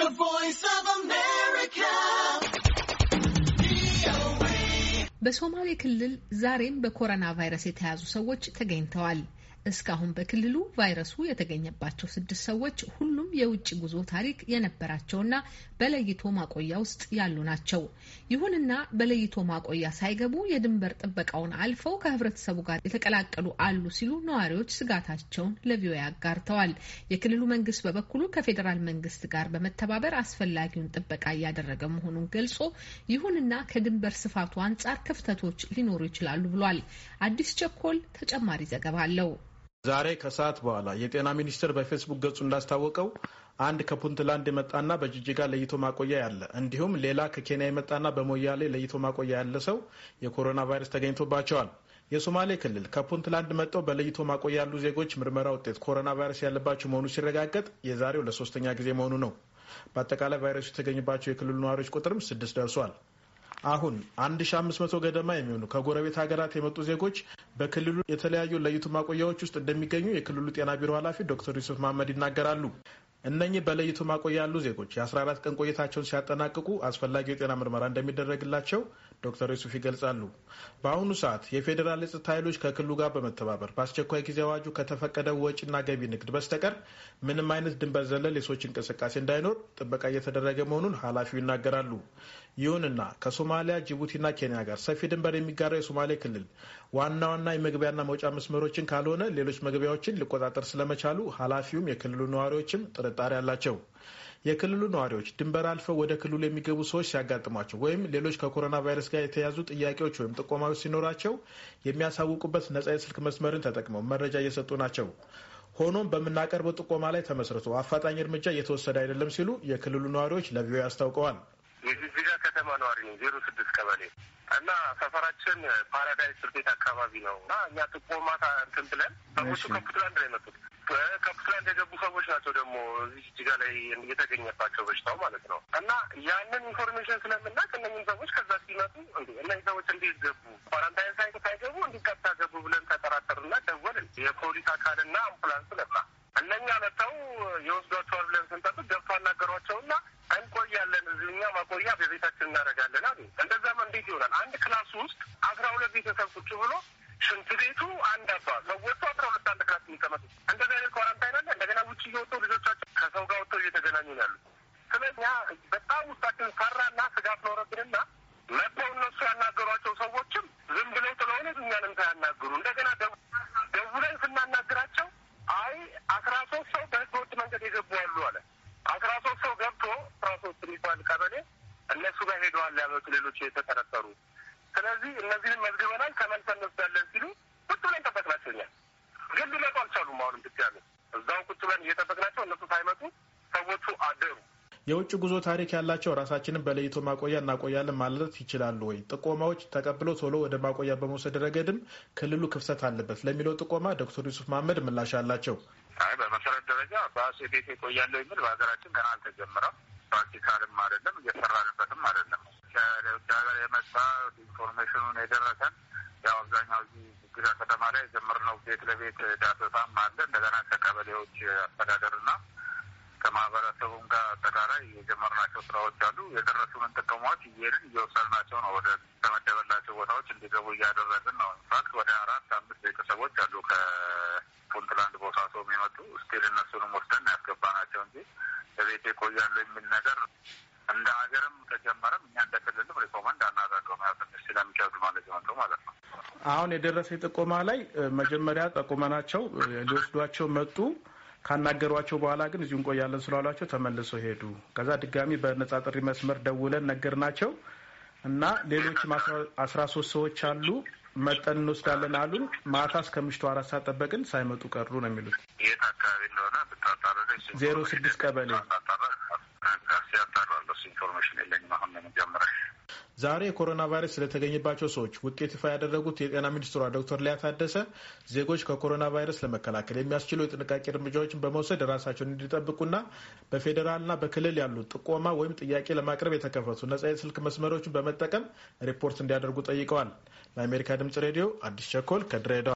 The Voice of America. በሶማሌ ክልል ዛሬም በኮሮና ቫይረስ የተያዙ ሰዎች ተገኝተዋል። እስካሁን በክልሉ ቫይረሱ የተገኘባቸው ስድስት ሰዎች ሁሉም የውጭ ጉዞ ታሪክ የነበራቸውና በለይቶ ማቆያ ውስጥ ያሉ ናቸው። ይሁንና በለይቶ ማቆያ ሳይገቡ የድንበር ጥበቃውን አልፈው ከህብረተሰቡ ጋር የተቀላቀሉ አሉ ሲሉ ነዋሪዎች ስጋታቸውን ለቪኦኤ አጋርተዋል። የክልሉ መንግስት በበኩሉ ከፌዴራል መንግስት ጋር በመተባበር አስፈላጊውን ጥበቃ እያደረገ መሆኑን ገልጾ ይሁንና ከድንበር ስፋቱ አንጻር ክፍተቶች ሊኖሩ ይችላሉ ብሏል። አዲስ ቸኮል ተጨማሪ ዘገባ አለው። ዛሬ ከሰዓት በኋላ የጤና ሚኒስቴር በፌስቡክ ገጹ እንዳስታወቀው አንድ ከፑንትላንድ የመጣና በጅጅጋ ለይቶ ማቆያ ያለ እንዲሁም ሌላ ከኬንያ የመጣና በሞያሌ ለይቶ ማቆያ ያለ ሰው የኮሮና ቫይረስ ተገኝቶባቸዋል። የሶማሌ ክልል ከፑንትላንድ መጠው በለይቶ ማቆያ ያሉ ዜጎች ምርመራ ውጤት ኮሮና ቫይረስ ያለባቸው መሆኑ ሲረጋገጥ የዛሬው ለሶስተኛ ጊዜ መሆኑ ነው። በአጠቃላይ ቫይረሱ የተገኙባቸው የክልሉ ነዋሪዎች ቁጥርም ስድስት ደርሷል። አሁን 1500 ገደማ የሚሆኑ ከጎረቤት ሀገራት የመጡ ዜጎች በክልሉ የተለያዩ ለይቱ ማቆያዎች ውስጥ እንደሚገኙ የክልሉ ጤና ቢሮ ኃላፊ ዶክተር ዩሱፍ መሀመድ ይናገራሉ። እነኚህ በለይቶ ማቆያ ያሉ ዜጎች የ14 ቀን ቆይታቸውን ሲያጠናቅቁ አስፈላጊው የጤና ምርመራ እንደሚደረግላቸው ዶክተር ዩሱፍ ይገልጻሉ። በአሁኑ ሰዓት የፌዴራል የጸጥታ ኃይሎች ከክልሉ ጋር በመተባበር በአስቸኳይ ጊዜ አዋጁ ከተፈቀደ ወጪና ገቢ ንግድ በስተቀር ምንም አይነት ድንበር ዘለል የሰዎች እንቅስቃሴ እንዳይኖር ጥበቃ እየተደረገ መሆኑን ኃላፊው ይናገራሉ። ይሁንና ከሶማሊያ ጅቡቲና ኬንያ ጋር ሰፊ ድንበር የሚጋራው የሶማሌ ክልል ዋና ዋና የመግቢያና መውጫ መስመሮችን ካልሆነ ሌሎች መግቢያዎችን ሊቆጣጠር ስለመቻሉ ኃላፊውም የክልሉ ነዋሪዎችም ጥረት ጥርጣሬ አላቸው። የክልሉ ነዋሪዎች ድንበር አልፈው ወደ ክልሉ የሚገቡ ሰዎች ሲያጋጥሟቸው ወይም ሌሎች ከኮሮና ቫይረስ ጋር የተያዙ ጥያቄዎች ወይም ጥቆማዎች ሲኖራቸው የሚያሳውቁበት ነጻ የስልክ መስመርን ተጠቅመው መረጃ እየሰጡ ናቸው። ሆኖም በምናቀርበው ጥቆማ ላይ ተመስርቶ አፋጣኝ እርምጃ እየተወሰደ አይደለም ሲሉ የክልሉ ነዋሪዎች ለቪኦኤ አስታውቀዋል። የጅጅጋ ከተማ ነዋሪ ነው ዜሮ ስድስት ቀበሌ እና ሰፈራችን ፓራዳይስ ስርቤት አካባቢ ነው እና እኛ ጥቆማ እንትን ብለን ሰዎቹ ከፍትላንድ ነው የመጡት እንደገቡ ሰዎች ናቸው ደግሞ እዚህ ጅጅጋ ላይ የተገኘባቸው በሽታው ማለት ነው። እና ያንን ኢንፎርሜሽን ስለምናቅ እነኝም ሰዎች ከዛ ሲመጡ እነዚህ ሰዎች እንዴት ገቡ ኳራንታይን ሳይት ሳይገቡ እንዲቀጥታ ገቡ ብለን ተጠራጠርና ደወልን። የፖሊስ አካልና አምፑላንስ መጣ። እነኛ መጥተው የወስዷቸዋል ብለን ስንጠብቅ ገብቶ አናገሯቸውና እንቆያለን እዚህ እኛ ማቆያ በቤታችን እናደርጋለን አሉ። እንደዛም እንዴት ይሆናል? አንድ ክላስ ውስጥ አስራ ሁለት ቤተሰብ ቁጭ ብሎ ሽንት ቤቱ አንድ አባ ለወጡ አስራ ሁለት አንድ ክላስ የሚቀመጡ እንደዚህ አይነት ኳራንታይን አለ። እንደገና ውጭ እየወጡ ልጆቻቸው ከሰው ጋር ወጥተው እየተገናኙ ነው ያሉት። ስለዚህ ያ በጣም ውስጣችን ፈራና ስጋት ኖረብንና መጥተው እነሱ ያናገሯቸው ሰዎችም ዝም ብለው ስለሆነ እኛንም ሳያናግሩ እንደገና ደውለን ስናናግራቸው አይ አስራ ሶስት ሰው በህገ ወጥ መንገድ የገቡ ያሉ አለ። አስራ ሶስት ሰው ገብቶ አስራ ሶስት የሚባል ቀበሌ እነሱ ጋር ሄደዋል ያሉት ሌሎች የተጠረጠሩ ስለዚህ እነዚህን መዝግበናል ተመልሰን እንወስዳለን ሲሉ ቁጭ ብለን ጠበቅናቸው። እኛ ግን ሊመጡ አልቻሉም። አሁንም ብቻ ያለ እዛው ቁጭ ብለን እየጠበቅናቸው እነሱ ሳይመጡ ሰዎቹ አደሩ። የውጭ ጉዞ ታሪክ ያላቸው ራሳችንን በለይቶ ማቆያ እናቆያለን ማለት ይችላሉ ወይ? ጥቆማዎች ተቀብሎ ቶሎ ወደ ማቆያ በመውሰድ ረገድም ክልሉ ክፍተት አለበት ለሚለው ጥቆማ ዶክተር ዩሱፍ መሀመድ ምላሽ አላቸው። አይ በመሰረት ደረጃ በአሴ ቤት የቆያለው የሚል በሀገራችን ገና አልተጀመረም። ፕራክቲካልም አይደለም እየሰራንበትም አይደለም። ከውጭ ሀገር የመጣ ኢንፎርሜሽኑን የደረሰን ያው አብዛኛው ግዛ ከተማ ላይ የጀመርነው ቤት ለቤት ዳሰሳም አለ። እንደገና ከቀበሌዎች አስተዳደርና ከማህበረሰቡም ጋር አጠቃላይ የጀመርናቸው ስራዎች አሉ። የደረሱንን ጥቅሞች እየሄድን እየወሰድናቸው ነው። ወደ ተመደበላቸው ቦታዎች እንዲገቡ እያደረግን ነው። ኢንፋክት ወደ አራት አምስት ቤተሰቦች አሉ ከፑንትላንድ ቦታ ሰው የሚመጡ ስቲል እነሱንም ወስደን ያስገባናቸው እንጂ በቤት የቆያሉ የሚል ነገር እንደ ሀገርም ተጀመረም እኛ እንደ ክልልም ሪኮመንድ አናደርገውም። ያው ትንሽ ስለሚከብድ ማለት ነው ማለት ነው። አሁን የደረሰ ጥቆማ ላይ መጀመሪያ ጠቁመናቸው ሊወስዷቸው መጡ። ካናገሯቸው በኋላ ግን እዚሁ እንቆያለን ስላሏቸው ተመልሰው ሄዱ። ከዛ ድጋሚ በነጻ ጥሪ መስመር ደውለን ነገር ናቸው እና ሌሎችም አስራ ሶስት ሰዎች አሉ መጠን እንወስዳለን አሉን። ማታ እስከ ምሽቱ አራት ሰዓት ጠበቅን፣ ሳይመጡ ቀሩ ነው የሚሉት። ዜሮ ስድስት ቀበሌ ኢንፎርሜሽን የለኝም። አሁን ለመጀመሪያ ዛሬ የኮሮና ቫይረስ ስለተገኘባቸው ሰዎች ውጤት ይፋ ያደረጉት የጤና ሚኒስትሯ ዶክተር ሊያ ታደሰ ዜጎች ከኮሮና ቫይረስ ለመከላከል የሚያስችሉ የጥንቃቄ እርምጃዎችን በመውሰድ ራሳቸውን እንዲጠብቁና በፌዴራልና በክልል ያሉ ጥቆማ ወይም ጥያቄ ለማቅረብ የተከፈቱ ነጻ የስልክ መስመሮችን በመጠቀም ሪፖርት እንዲያደርጉ ጠይቀዋል። ለአሜሪካ ድምጽ ሬዲዮ አዲስ ቸኮል ከድሬዳዋ